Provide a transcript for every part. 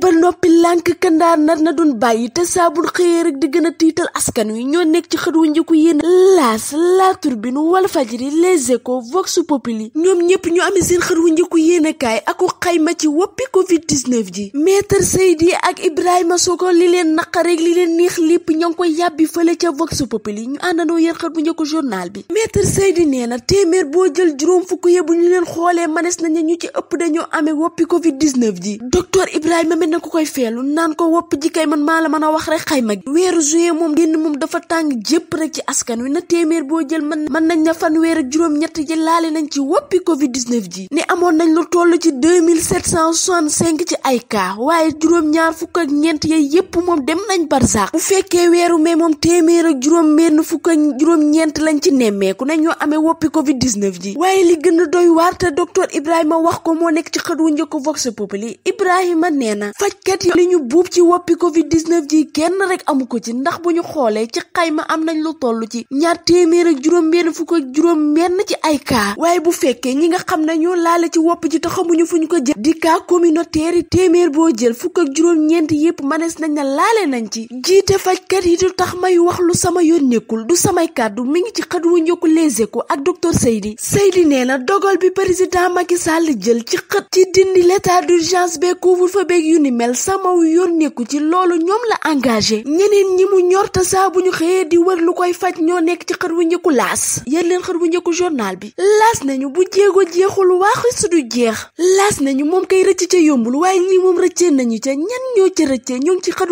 ba noppi lànk kandaar nar na doon bàyyi te saabul xëyee rek di gën a tiital askan wi ñoo nekk ci xët wu njëkku yéen laas la turbine faj fajri les échos vox populi ñoom ñëpp ñu amee seen xët wu njëkku yéen a kaay aku xayma ci woppi covid 19 ji maître Seydi ak Ibrahima ko li leen naqa rek li leen neex lépp ñoo ngi koy yàbbi fële ca vox yi ñu àndandoo yéen xët bu njëkku journal bi maître Seydi nee na téeméer boo jël juróom fukk yee bu ñu leen xoolee manes nañu ñu ci ëpp dañoo amee woppi covid 19 ji ne ko koy feelu naan ko wopp ji kay man maa la mën a wax rek xayma gi weeru juillet moom génn moom dafa tàng jépp rek ci askan wi na téeméer boo jël mën mën nañ na fanweer ak juróom nañ ci woppi covid 19 ji ne amoon nañ lu toll ci 2765 ci ay kaa waaye juróom-ñaar fukk ak ñeent yooyu yépp moom dem nañ barzak bu fekkee weeru mai moom téeméer ak juróom-benn fukk ak ñeent lañ ci nemmeeku nañ ñoo amee woppi covid 19 ji waaye li gën a doy waar te docteur Ibrahima wax ko moo nekk ci xët wu njëkk Vox Populi Ibrahima nee na fajkat yi li ñu buub ci woppi covid 19 ji kenn rek amu ko ci ndax bu ñu xoolee ci xayma am nañ lu toll ci ñaar téeméer ak juróom benn fukk ak juróom benn ci ay kaa waaye bu fekkee ñi nga xam ne ñoo laale ci wopp ji te xamuñu fu ñu ko jël di cas communautaire yi téeméer boo jël fukk ak juróom ñeent yépp manees nañ na laale nañ ci jiite fajkat yi du tax may wax lu sama yoon nekkul du samay kàddu mi ngi ci xët wu njëkku Les Échos ak docteur Seydi Seydi nee na dogal bi président Macky Sall jël ci xët yu ni mel sama yoon nekku ci loolu ñoom la engagé ñeneen ñi mu ñor te saa bu ñu xëyee di wër lu koy faj ñoo nekk ci xër wu njëkku laas yéen leen xër wu njëkku journal bi laas nañu bu jéego jeexul waaxu su du jeex laas nañu moom kay rëcc ca yombul waaye ñii moom rëccee nañu ca ñan ñoo ca rëccee ñoom ci xër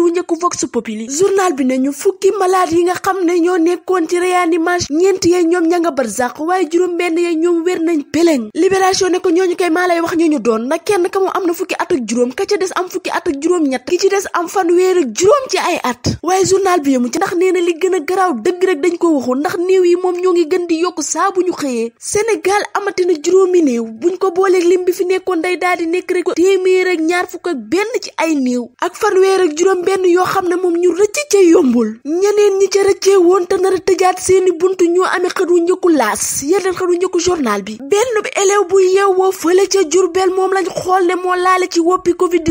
fukki malade yi nga xam ne ñoo nekkoon ci réanimation ñeent yee ñoom ña nga barzaq waaye juróom benn yee ñoom wér nañ péléñ libération ne ko ñooñu kay maa lay wax ñu ñu doon na kenn ka mu am na fukki at ak juróom ka ca des am fukki fukki juróom-ñett ki ci des am fanweer ak juróom ci ay at waaye journal bi yemu ci ndax nee na li gën a dëgg rek dañ ko waxul ndax néew yi moom ñoo ngi gën di yokk saa bu ñu xëyee Sénégal amati na juróomi néew buñ ko booleeg lim bi fi nekkoon day daal di nekk rek téeméer ak ñaar fukk ak benn ci ay néew ak fanweer ak juróom benn yoo xam ne moom ñu rëcc ca yombul ñeneen ñi ca rëccee woon te nar a tëjaat seeni buntu ñoo amee xëtu njëkku laas yeneen xëtu njëkku journal bi benn élève bu yeewoo fële ca Jurbel moom lañ xool ne moo laale ci woppi covid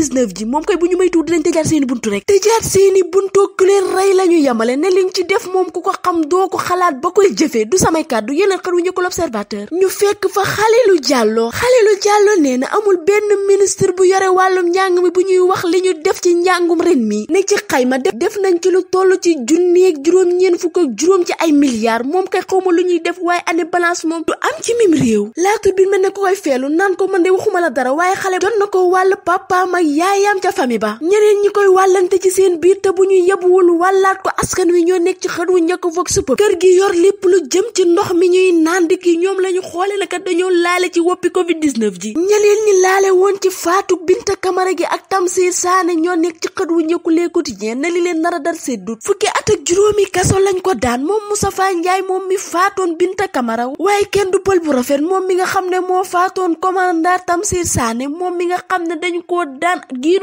moom koy bu ñu maytuwul dinañ tëjaat seeni buntu rek tëjaat seeni buntu ku leen rey la ñu yemale ne liñ ci def moom ku ko xam doo ko xalaat ba koy jëfee du samay kàddu yeneen xar wu njëkkal observateur ñu fekk fa Khalilou Diallo Khalilou Diallo nee na amul benn ministre bu yore wàllum njàng mi bu ñuy wax li ñu def ci njàngum ren mi ne ci xayma def def nañ ci lu toll ci junneeg juróom-ñeen fukk ak juróom ci ay milliards moom kay xawma lu ñuy def waaye année balance moom du am ci mim réew laatu bi mel ne ko feelu naan ko man de waxuma la dara waaye xale jot na ko wàll papaam ak yaayam yam ca famille ba ñeneen ñi koy wàllante ci seen biir te bu ñu yebuwul wàllaat ko askan wi ñoo nekk ci xët wu njëkk vox pop kër gi yor lépp lu jëm ci ndox mi ñuy naan di ki ñoom la ñu xoole nakat dañoo laale ci woppi covid 19 ji ñeneen ñi laale woon ci faatu binta kamara gi ak tamsir saane ñoo nekk ci xët wu njëkku les quotidiens na li leen nar a dar seddut fukki at ak juróomi kaso lañ ko daan moom Moustapha Ndiaye moom mi faatoon binta kamara waaye kenn du pël moom mi nga xam ne moo faatoon commandant tamsir saane moom mi nga xam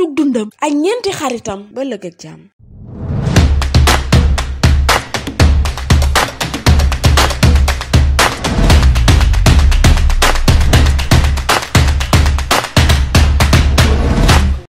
diirug dundam ak ñeenti xaritam ba lëg ak jàmm